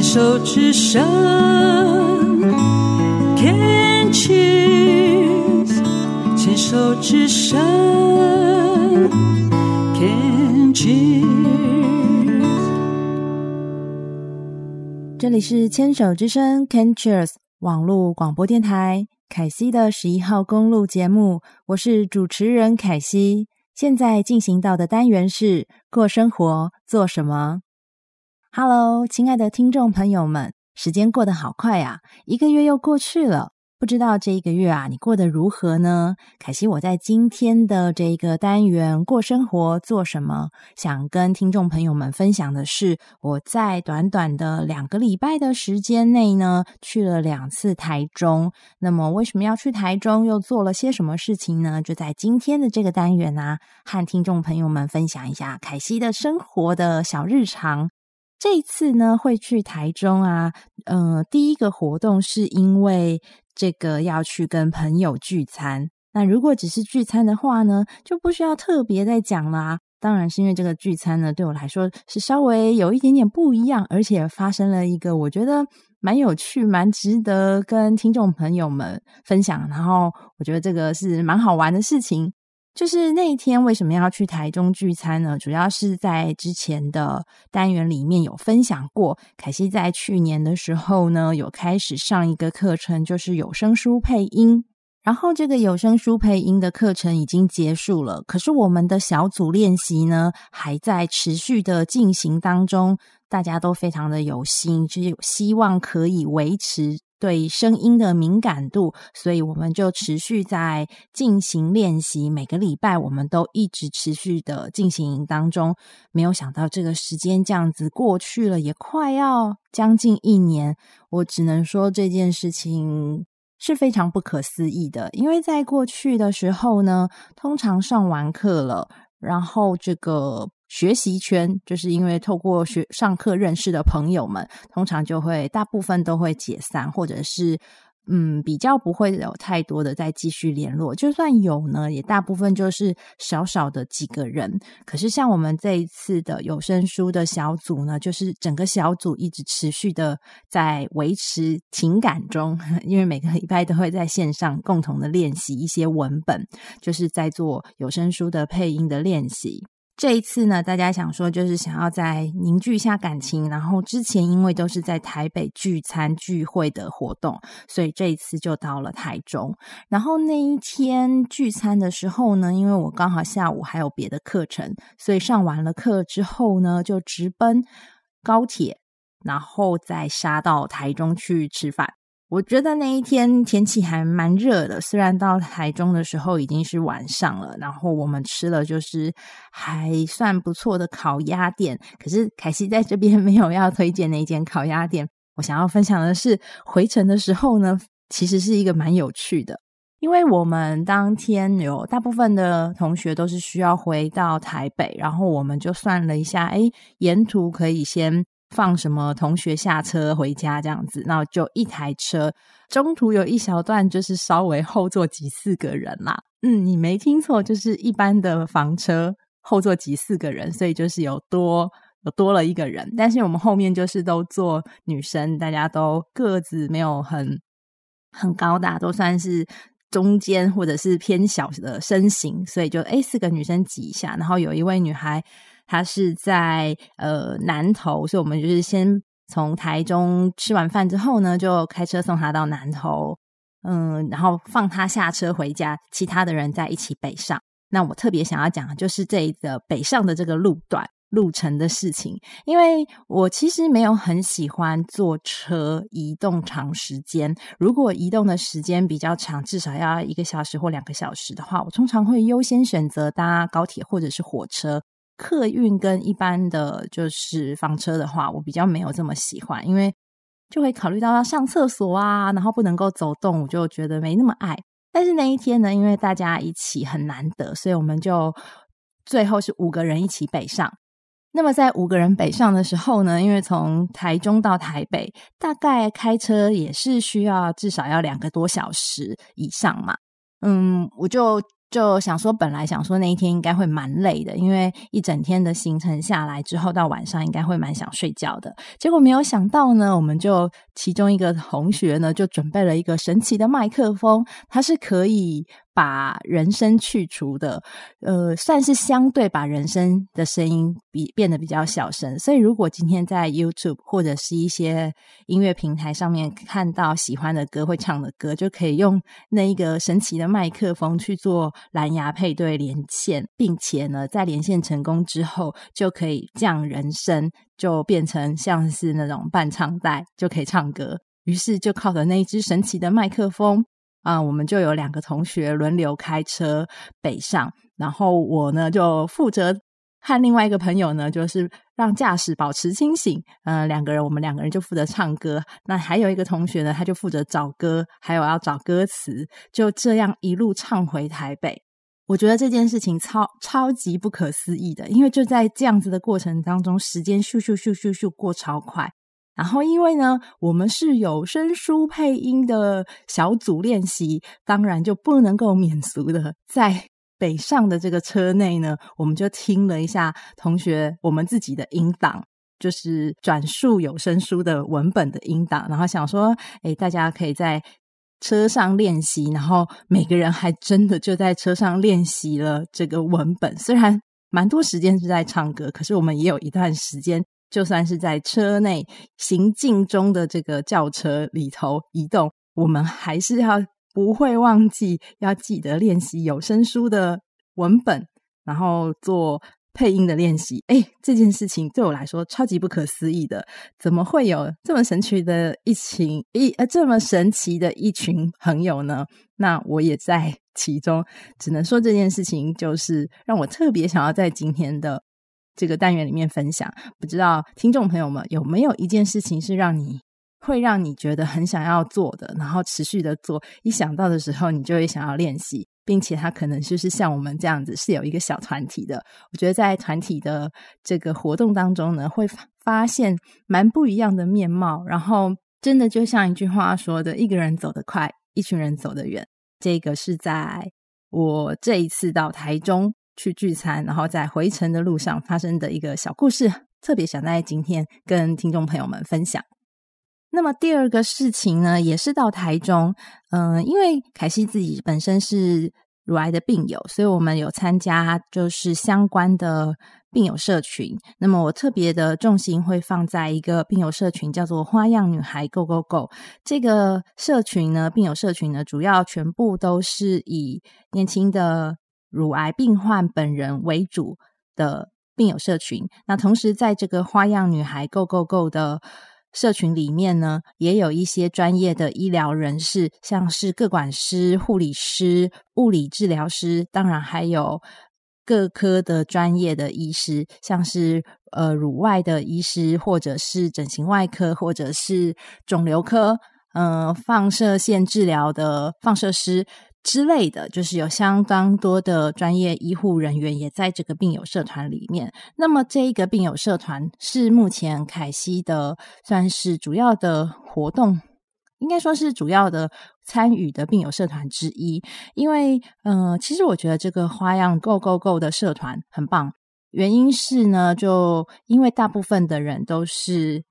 牽手之聲，CanCheers。牽手之聲，CanCheers。這裡是牽手之聲 CanCheers 網絡廣播電台凱西的十一號公路節目，我是主持人凱西。現在進行到的單元是過生活做什麼？Hello，親愛的聽眾朋友們，時間過得好快呀，一個月又過去了。不知道這一個月啊，你過得如何呢？凱西，我在今天的這個單元過生活做什麼？想跟聽眾朋友們分享的是，我在短短的兩個禮拜的時間內呢，去了兩次台中。那麼為什麼要去台中，又做了些什麼事情呢？就在今天的這個單元呢，和聽眾朋友們分享一下凱西的生活的小日常。這一次呢會去台中啊，嗯、呃，第一個活動是因為這個要去跟朋友聚餐。那如果只是聚餐的話呢，就不需要特別再講啦。當然是因為這個聚餐呢，對我來說是稍微有一點點不一樣，而且發生了一個我覺得蠻有趣，蠻值得跟聽眾朋友們分享。然後我覺得這個是蠻好玩的事情。就是那一天，為什麼要去台中聚餐呢？主要是在之前的單元裡面有分享過，凱西在去年的時候呢，有開始上一個課程，就是有聲書配音。然後這個有聲書配音的課程已經結束了，可是我們的小組練習呢，還在持續的進行當中，大家都非常的有心，就是希望可以維持。對聲音的敏感度，所以我們就持續在進行練習。每個禮拜我們都一直持續的進行當中，沒有想到這個時間這樣子過去了，也快要將近一年。我只能說這件事情是非常不可思議的，因為在過去的時候呢，通常上完課了，然後這個。學習圈就是因為透過學上課認識的朋友們，通常就會大部分都會解散，或者是嗯比較不會有太多的再繼續聯絡。就算有呢，也大部分就是少少的幾個人。可是像我們這一次的有聲書的小組呢，就是整個小組一直持續的在維持情感中，因為每個禮拜都會在線上共同的練習一些文本，就是在做有聲書的配音的練習。這一次呢，大家想說就是想要再凝聚一下感情，然後之前，因為都是在台北聚餐聚會的活動，所以這一次就到了台中。然後那一天聚餐的時候呢，因為我剛好下午還有別的課程，所以上完了課之後呢，就直奔高鐵，然後再殺到台中去吃飯。我覺得那一天天氣還蠻熱的，雖然到台中的時候已經是晚上了，然後我們吃了就是還算不錯的烤鴨店。可是凱西在這邊沒有要推薦那一間烤鴨店。我想要分享的是回程的時候呢，其實是一個蠻有趣的，因為我們當天有大部分的同學都是需要回到台北，然後我們就算了一下，誒，沿途可以先。放什麼同學下車回家這樣子，然後就一台車，中途有一小段就是稍微後座擠四個人啦。嗯，你沒聽錯，就是一般的房車後座擠四個人，所以就是有多有多了一個人。但是我們後面就是都坐女生，大家都個子沒有很很高大，都算是中間或者是偏小的身形，所以就哎四個女生擠一下，然後有一位女孩。他是在呃南投，所以我們就是先從台中吃完飯之後呢，就開車送他到南投，嗯，然後放他下車回家，其他的人在一起北上。那我特別想要講的就是這一個北上的這個路段路程的事情，因為我其實沒有很喜歡坐車移動長時間，如果移動的時間比較長，至少要一個小時或兩個小時的話，我通常會優先選擇搭高鐵或者是火車。客運跟一般的就是房車的話，我比較沒有這麼喜歡，因為就會考慮到要上廁所啊，然後不能夠走動，我就覺得沒那麼愛。但是那一天呢，因為大家一起很難得，所以我們就最後是五個人一起北上。那麼在五個人北上的時候呢，因為從台中到台北，大概開車也是需要至少要兩個多小時以上嘛。嗯，我就。就想說，本來想說那一天應該會蠻累的，因為一整天的行程下來之後，到晚上應該會蠻想睡覺的。結果沒有想到呢，我們就其中一個同學呢，就準備了一個神奇的麥克風，它是可以。把人聲去除的，呃，算是相對把人聲的聲音比變得比較小聲。所以，如果今天在 YouTube 或者是一些音樂平台上面看到喜歡的歌，會唱的歌，就可以用那一個神奇的麥克風去做藍牙配對連線，並且呢，在連線成功之後，就可以降人聲，就變成像是那種伴唱帶，就可以唱歌。於是，就靠着那一支神奇的麥克風。啊、嗯，我們就有兩個同學輪流開車北上，然後我呢，就負責和另外一個朋友呢，就是讓駕駛保持清醒。嗯，兩個人，我們兩個人就負責唱歌。那還有一個同學呢，他就負責找歌，還有要找歌詞。就這樣一路唱回台北。我覺得這件事情超超級不可思議的，因為就在這樣子的過程當中，時間咻咻咻咻咻過超快。然後，因為呢，我們是有聲書配音的小組練習，當然就不能夠免俗的，在北上的這個車內呢，我們就聽了一下同學我們自己的音檔，就是轉述有聲書的文本的音檔。然後想說，誒，大家可以在車上練習。然後每個人還真的就在車上練習了這個文本。雖然蠻多時間是在唱歌，可是我們也有一段時間。就算是在車內行進中的這個轎車裡頭移動，我們還是要不會忘記要記得練習有聲書的文本，然後做配音的練習。哎，這件事情對我來說超級不可思議的，怎麼會有這麼神奇的一群，欸，呃，這麼神奇的一群朋友呢？那我也在其中，只能說這件事情就是讓我特別想要在今天的。這個單元裡面分享，不知道聽眾朋友們有沒有一件事情是讓你會讓你覺得很想要做的，然後持續的做。一想到的時候，你就會想要練習，並且它可能就是像我們這樣子，是有一個小團體的。我覺得在團體的這個活動當中呢，會發發現蠻不一樣的面貌。然後真的就像一句話說的：“一個人走得快，一群人走得遠。”這個是在我這一次到台中。去聚餐，然後在回程的路上發生的一個小故事，特別想在今天跟聽眾朋友們分享。那麼第二個事情呢，也是到台中，嗯、呃，因為凱西自己本身是乳癌的病友，所以我們有參加就是相關的病友社群。那麼我特別的重心會放在一個病友社群，叫做“花漾女孩 GOGOGO”，這個社群呢，病友社群呢，主要全部都是以年輕的。乳癌病患本人為主的病友社群，那同時在這個花漾女孩 Go Go Go 的社群裡面呢，也有一些專業的醫療人士，像是個管師、護理師、物理治療師，當然還有各科的專業的醫師，像是呃乳外的醫師，或者是整形外科，或者是腫瘤科，嗯、呃，放射線治療的放射師。之類的，就是有相當多的專業醫護人員也在這個病友社團裡面。那麼這一個病友社團是目前凱西的算是主要的活動，應該說是主要的參與的病友社團之一。因為嗯、呃，其實我覺得這個花漾 Go Go Go 的社團很棒，原因是呢，就因為大部分的人都是。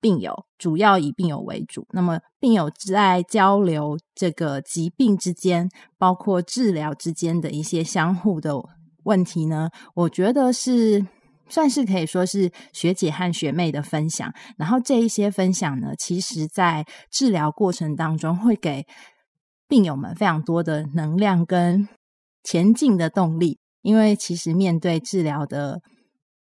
病友主要以病友為主，那麼病友在交流這個疾病之間，包括治療之間的一些相互的問題呢，我覺得是算是可以說是學姐和學妹的分享。然後這一些分享呢，其實在治療過程當中會給病友們非常多的能量跟前進的動力，因為其實面對治療的。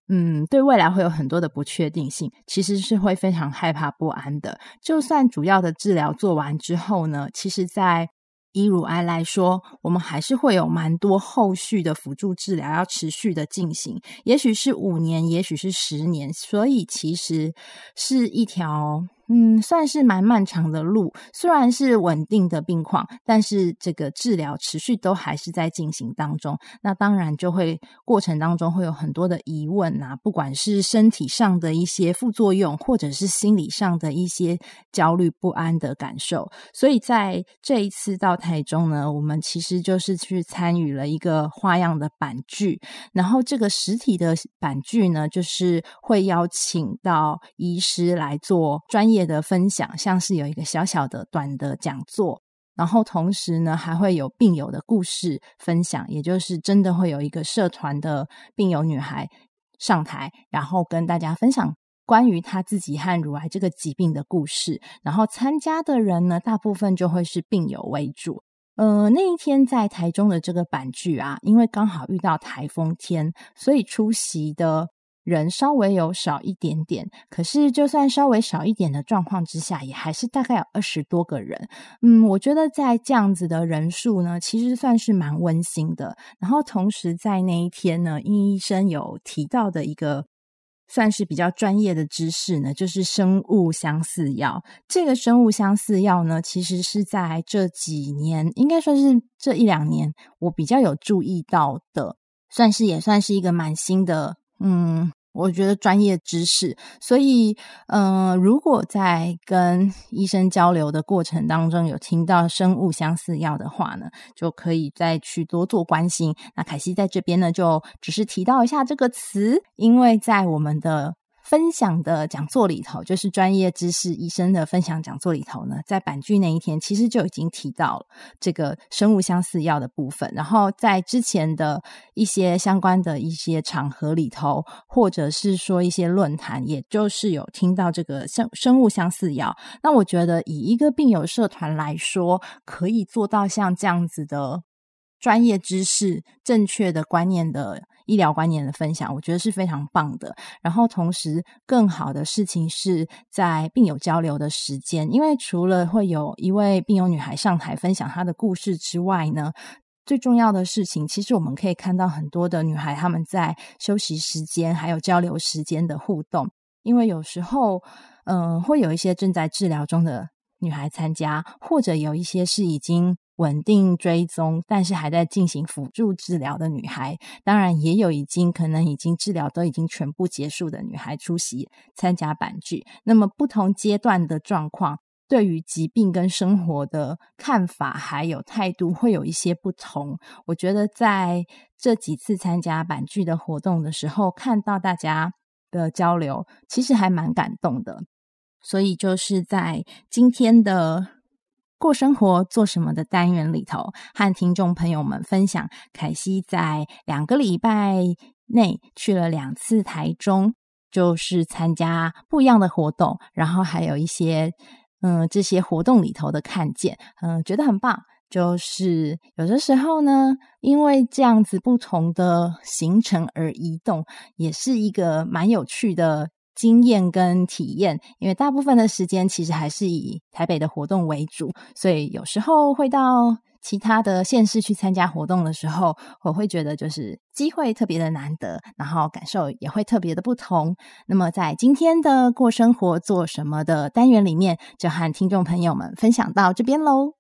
嗯，對未來會有很多的不確定性，其實是會非常害怕不安的。就算主要的治療做完之後呢，其實，在以乳癌來說，我們還是會有蠻多後續的輔助治療要持續的進行，也許是五年，也許是十年，所以其實是一條。嗯，算是蠻漫長的路。雖然是穩定的病況，但是這個治療持續都還是在進行當中。那當然就會過程當中會有很多的疑問啊，不管是身體上的一些副作用，或者是心理上的一些焦慮不安的感受。所以在這一次到台中呢，我們其實就是去參與了一個花漾的版聚，然後這個實體的版聚呢，就是會邀請到醫師來做專業。的分享，像是有一個小小的短的講座，然後同時呢，還會有病友的故事分享，也就是真的會有一個社團的病友女孩上台，然後跟大家分享關於她自己和乳癌這個疾病的故事。然後參加的人呢，大部分就會是病友為主。呃，那一天在台中的這個版聚啊，因為剛好遇到台風天，所以出席的。人稍微有少一點點，可是就算稍微少一點的狀況之下，也還是大概有二十多個人。嗯，我覺得在這樣子的人數呢，其實算是蠻溫馨的。然後同時在那一天呢，殷醫生有提到的一個算是比較專業的知識呢，就是生物相似藥。這個生物相似藥呢，其實是在這幾年，應該算是這一兩年，我比較有注意到的，算是也算是一個蠻新的，嗯。我覺得專業知識，所以，嗯、呃，如果在跟醫生交流的過程當中有聽到生物相似藥的話呢，就可以再去多做關心。那凱西在這邊呢，就只是提到一下這個詞，因為在我們的。分享的講座裡頭，就是專業知識醫生的分享講座裡頭呢，在版聚那一天其實就已經提到了這個生物相似藥的部分。然後在之前的一些相關的一些場合裡頭，或者是說一些論壇，也就是有聽到這個生生物相似藥。那我覺得以一個病友社團來說，可以做到像這樣子的專業知識、正確的觀念的。醫療觀念的分享，我覺得是非常棒的。然後，同時更好的事情是在病友交流的時間，因為除了會有一位病友女孩上台分享她的故事之外呢，最重要的事情其實我們可以看到很多的女孩她們在休息時間還有交流時間的互動，因為有時候嗯，呃，會有一些正在治療中的女孩參加，或者有一些是已經。穩定追蹤，但是還在進行輔助治療的女孩，當然也有已經可能已經治療都已經全部結束的女孩出席參加版聚。那麼不同階段的狀況，對於疾病跟生活的看法還有態度會有一些不同。我覺得在這幾次參加版聚的活動的時候，看到大家的交流，其實還蠻感動的。所以就是在今天的。過生活做什麼的單元裡頭，和聽眾朋友們分享凱西在兩個禮拜內去了兩次台中，就是參加不一樣的活動，然後還有一些嗯、呃，這些活動裡頭的看見，嗯、呃，覺得很棒。就是有的時候呢，因為這樣子不同的行程而移動，也是一個蠻有趣的。經驗跟體驗，因為大部分的時間其實還是以台北的活動為主，所以有時候會到其他的縣市去參加活動的時候，我會覺得就是機會特別的難得，然後感受也會特別的不同。那麼在今天的過生活做什麼的單元裡面，就和聽眾朋友們分享到這邊嘍。